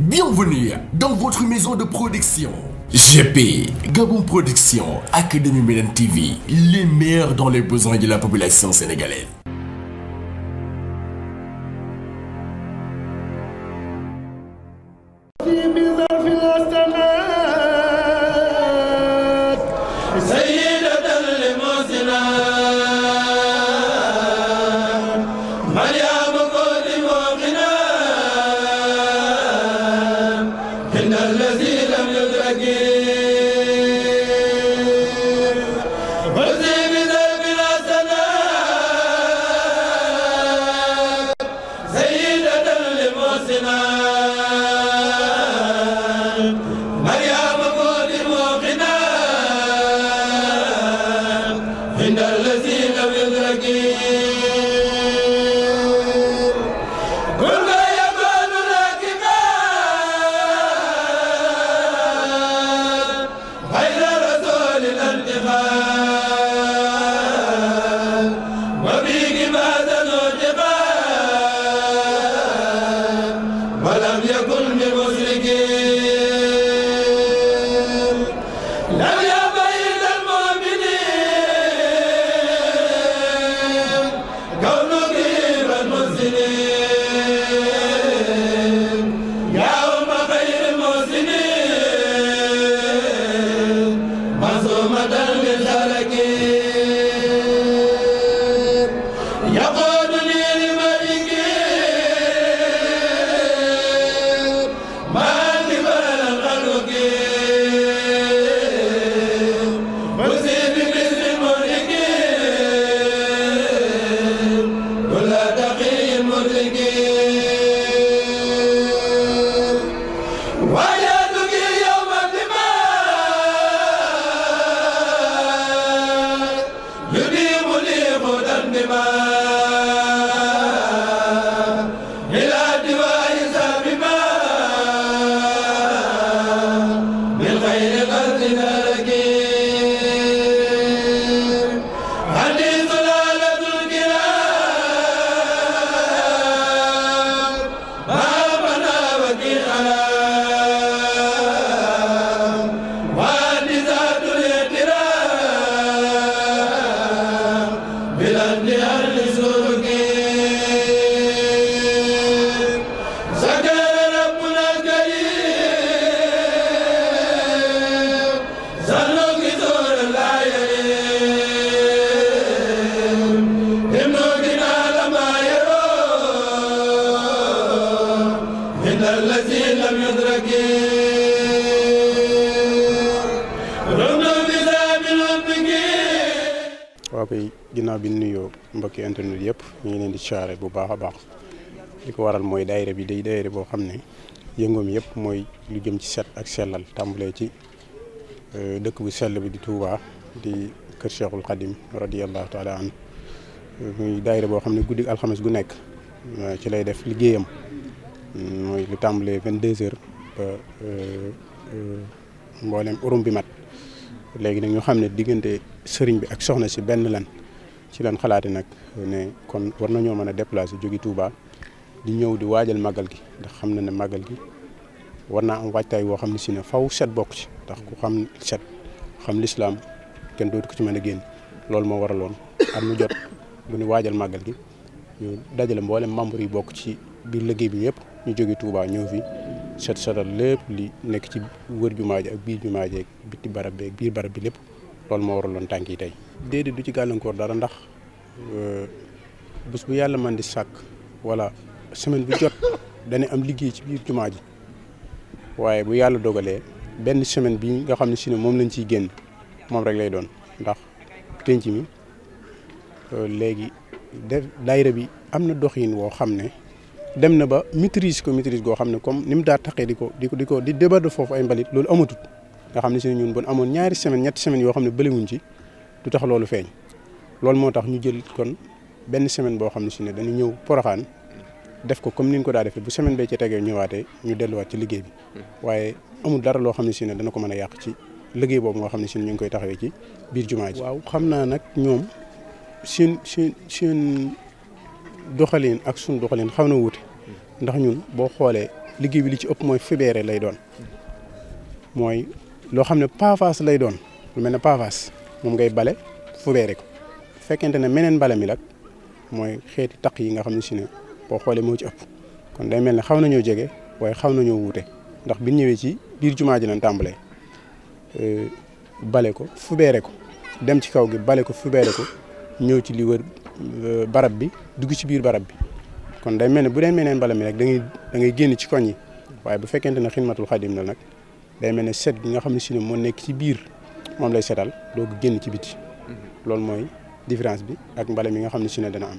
Bienvenue dans votre maison de production. GP, Gabon Production, Académie Médan TV, les meilleurs dans les besoins de la population sénégalaise. من الذي لم يدرك من الذي لم يدرك ربنا بذا من ربك waaw kay ginnaaw bi nuyoo mbokki internet yëpp ñu ngi leen di charré bu baax a baax li ko waral mooy daayira bi day daayira boo xam ne yëngoom yëpp mooy lu jëm ci set ak sellal tàmbalee ci euh, dëkk bu sell bi di tuuba di kër Cheikhul Khadim radiyallahu taala an muy daayira boo xam ne guddi alxamis gu nekk euh, ci lay def liggéeyam Mm, mooy lu tàmbalee vingt deux heures ba euh, euh, mboolem urum bi mat léegi nag ñu xam ne diggante sëriñ bi ak soxna si benn lan ci lan xalaate nag ne kon war na nañoo mën a déplacer jóge Touba di ñëw di waajal màggal gi ndax xam na ne màggal gi war naa am waajtaay woo xam ne si ne faw set bokk ci ndax ku xam set xam lislaam kenn dootu ko ci mën a génn loolu moo waraloon at mu jot bu waajal màggal gi ñu dajale mboolem membre yi bokk ci biir liggéey bi yëpp ñu jóge Touba ñëw fi set setal lépp li nekk ci wër jumaa ji ak biir jumaa ji ak bitti barab biir barab bi lépp loolu moo waraloon tànk yi tey. déedéet du ci gàllankoor dara ndax euh, bés bu yàlla man di sàkk wala semaine bi jot dana am liggéey ci biir jumaa ji waaye bu yàlla dogalee benn semaine bi nga xam ne si moom lañ ciy génn moom rek lay doon ndax tenc mi euh, léegi def daayira bi am na doxin woo xam ne. dem na ba maîtrise ko maîtrise goo xam ne comme ni mu daa taqee di ko di ko di ko di débat foofu ay mbalit loolu amatut nga xam ne si ñun bon amoon ñaari semaine ñetti semaines yoo xam ne bëlewuñ ci du tax loolu feeñ loolu moo tax ñu jël kon benn semaine boo xam ne si ne dañu ñëw poroxaan def ko comme ni ñu ko daa defee bu semaine bee tegee ñëwaatee ñu delluwaat ci liggéey bi waaye amul dara loo xam ne si ne dana ko mën a yàq ci liggéey boobu nga xam ne si ne ñu ngi koy taxawee ci biir jumaa ji waaw xam naa nag ñoom seen seen si doxalin ak suñ doxalin xaw na wuute ndax ñun boo xoolee liggéey bi li ci ëpp mooy fibeere lay doon mooy loo xam ne pavage lay doon lu mel ne pavage moom ngay bale fubeere ko fekkente ne meneen bale mi nag mooy xeeti taq yi nga xam ne si ne boo xoolee moo ci ëpp kon day mel ne xaw nañoo jege waaye xaw nañoo wuute ndax bi ñëwee ci biir jumaa ji lañ tàmbalee euh, bale ko fubeere ko dem ci kaw gi bale ko fubeere ko ñëw ci li wër Euh, barab bi dugg ci biir barab bi kon day mel ne bu dee meneen mbala mi rek da da ngay génn ci koñ yi waaye bu fekkente ne xidmatul xadim la nag day mel ne set bi nga xam ne si ne moo nekk ci biir moom lay setal doog génn ci biti loolu mooy différence bi ak mbala mi nga xam ne si ne dana am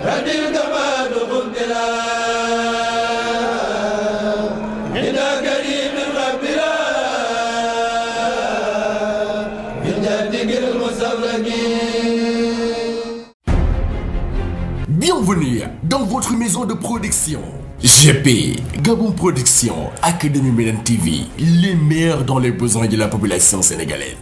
Bienvenue dans votre maison de production. GP, Gabon Production, Académie Médan TV, les meilleurs dans les besoins de la population sénégalaise.